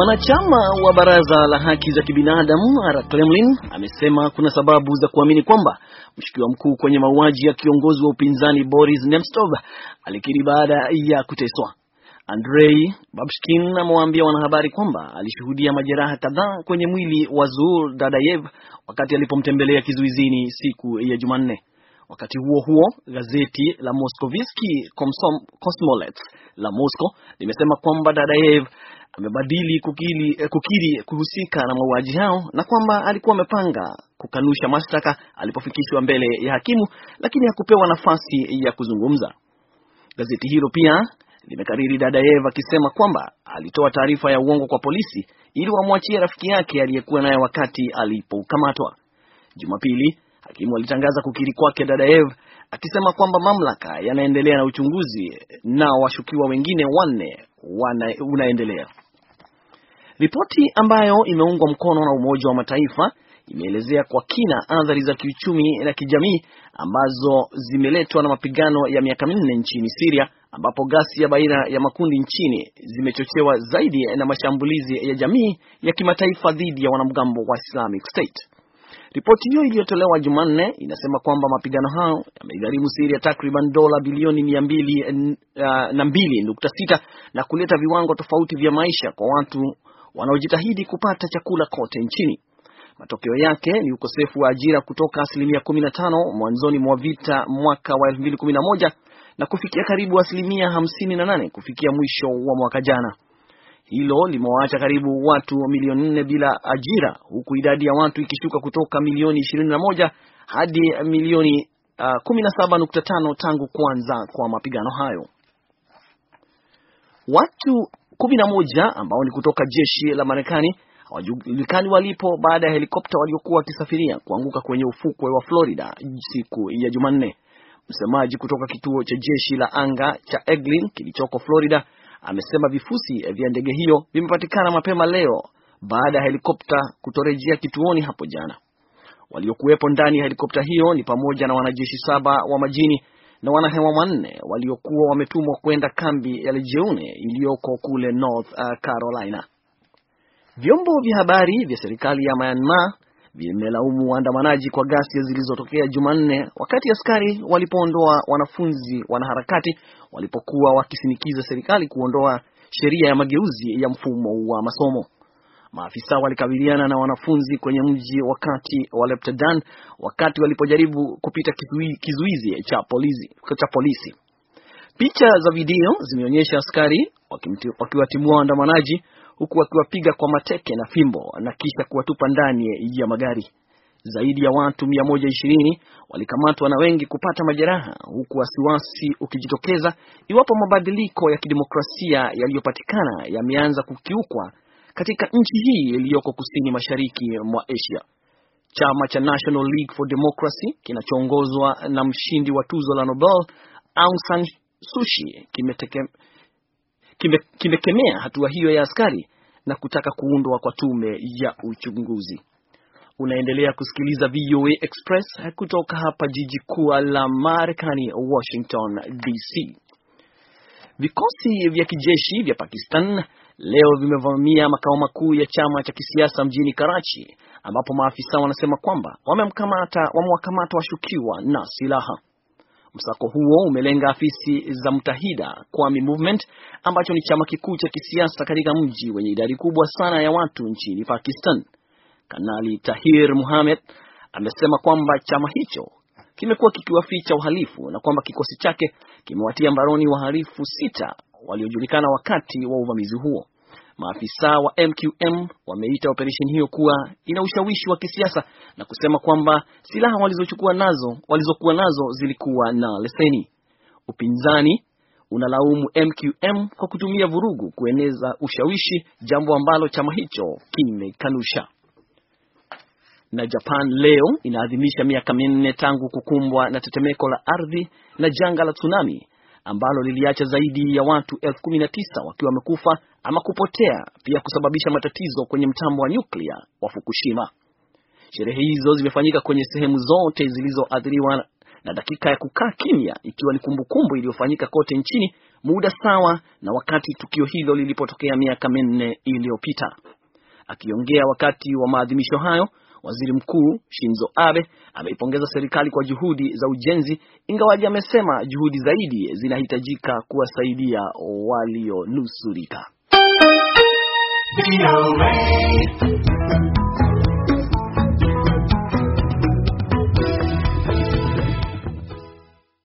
Mwanachama wa baraza la haki za kibinadamu Ara Kremlin amesema kuna sababu za kuamini kwamba mshukiwa mkuu kwenye mauaji ya kiongozi wa upinzani Boris Nemtsov alikiri baada ya kuteswa. Andrei Babshkin amewaambia wanahabari kwamba alishuhudia majeraha kadhaa kwenye mwili wa Zur Dadayev wakati alipomtembelea kizuizini siku ya Jumanne. Wakati huo huo, gazeti la Moskoviski Komsom, Kosmolets la Moscow limesema kwamba Dadayev amebadili kukiri, eh, kukiri kuhusika na mauaji hao na kwamba alikuwa amepanga kukanusha mashtaka alipofikishwa mbele ya hakimu, lakini hakupewa nafasi ya kuzungumza. Gazeti hilo pia limekariri Eva akisema kwamba alitoa taarifa ya uongo kwa polisi ili wamwachie rafiki yake aliyekuwa naye wakati alipokamatwa. Jumapili hakimu alitangaza kukiri kwake Eva akisema kwamba mamlaka yanaendelea na uchunguzi na washukiwa wengine wanne unaendelea. Ripoti ambayo imeungwa mkono na Umoja wa Mataifa imeelezea kwa kina athari za kiuchumi na kijamii ambazo zimeletwa na mapigano ya miaka minne nchini Siria, ambapo ghasia baina ya makundi nchini zimechochewa zaidi na mashambulizi ya jamii ya kimataifa dhidi ya wanamgambo wa Islamic State. Ripoti hiyo iliyotolewa Jumanne inasema kwamba mapigano hayo yamegharimu Syria takriban dola bilioni mia mbili eh, na mbili nukta sita na kuleta viwango tofauti vya maisha kwa watu wanaojitahidi kupata chakula kote nchini. Matokeo yake ni ukosefu wa ajira kutoka asilimia 15 mwanzoni mwa vita mwaka wa 2011 na kufikia karibu asilimia 58 kufikia mwisho wa mwaka jana. Hilo limewaacha karibu watu milioni 4 bila ajira, huku idadi ya watu ikishuka kutoka milioni 21 hadi milioni 17.5 uh, tangu kuanza kwa mapigano hayo. Watu kumi na moja ambao ni kutoka jeshi la Marekani hawajulikani walipo baada ya helikopta waliokuwa wakisafiria kuanguka kwenye ufukwe wa Florida siku ya Jumanne. Msemaji kutoka kituo cha jeshi la anga cha Eglin kilichoko Florida amesema vifusi vya ndege hiyo vimepatikana mapema leo baada ya helikopta kutorejea kituoni hapo jana. Waliokuwepo ndani ya helikopta hiyo ni pamoja na wanajeshi saba wa majini na wanahewa wanne waliokuwa wametumwa kwenda kambi ya Lejeune iliyoko kule North uh, Carolina. Vyombo vya habari vya serikali ya Myanmar vimelaumu waandamanaji kwa ghasia zilizotokea Jumanne wakati askari walipoondoa wanafunzi wanaharakati walipokuwa wakisinikiza serikali kuondoa sheria ya mageuzi ya mfumo wa masomo. Maafisa walikabiliana na wanafunzi kwenye mji wakati wa Leptadan wakati walipojaribu kupita kizuizi cha polisi, cha polisi. Picha za video zimeonyesha askari wakiwatimua waandamanaji huku wakiwapiga kwa mateke na fimbo na kisha kuwatupa ndani ya magari. Zaidi ya watu 120 walikamatwa na wengi kupata majeraha, huku wasiwasi ukijitokeza iwapo mabadiliko ya kidemokrasia yaliyopatikana yameanza kukiukwa katika nchi hii iliyoko kusini mashariki mwa Asia. Chama cha National League for Democracy kinachoongozwa na mshindi wa tuzo la Nobel Aung San Suu Kyi kimekemea kime, kime hatua hiyo ya askari na kutaka kuundwa kwa tume ya uchunguzi. Unaendelea kusikiliza VOA Express kutoka hapa jiji kuu la Marekani, Washington DC. Vikosi vya kijeshi vya Pakistan leo vimevamia makao makuu ya chama cha kisiasa mjini Karachi, ambapo maafisa wanasema kwamba wamewakamata washukiwa na silaha. Msako huo umelenga afisi za Mtahida Kwami Movement ambacho ni chama kikuu cha kisiasa katika mji wenye idadi kubwa sana ya watu nchini Pakistan. Kanali Tahir Muhammad amesema kwamba chama hicho kimekuwa kikiwaficha uhalifu na kwamba kikosi chake kimewatia mbaroni wahalifu sita waliojulikana wakati wa uvamizi huo. Maafisa wa MQM wameita operesheni hiyo kuwa ina ushawishi wa kisiasa na kusema kwamba silaha walizochukua nazo walizokuwa nazo zilikuwa na leseni. Upinzani unalaumu MQM kwa kutumia vurugu kueneza ushawishi, jambo ambalo chama hicho kimekanusha. Na Japan leo inaadhimisha miaka minne tangu kukumbwa na tetemeko la ardhi na janga la tsunami ambalo liliacha zaidi ya watu elfu kumi na tisa wakiwa wamekufa ama kupotea, pia kusababisha matatizo kwenye mtambo wa nyuklia wa Fukushima. Sherehe hizo zimefanyika kwenye sehemu zote zilizoathiriwa na dakika ya kukaa kimya ikiwa ni kumbukumbu iliyofanyika kote nchini muda sawa na wakati tukio hilo lilipotokea miaka minne iliyopita. Akiongea wakati wa maadhimisho hayo, Waziri Mkuu Shinzo Abe ameipongeza serikali kwa juhudi za ujenzi, ingawaji amesema juhudi zaidi zinahitajika kuwasaidia walionusurika.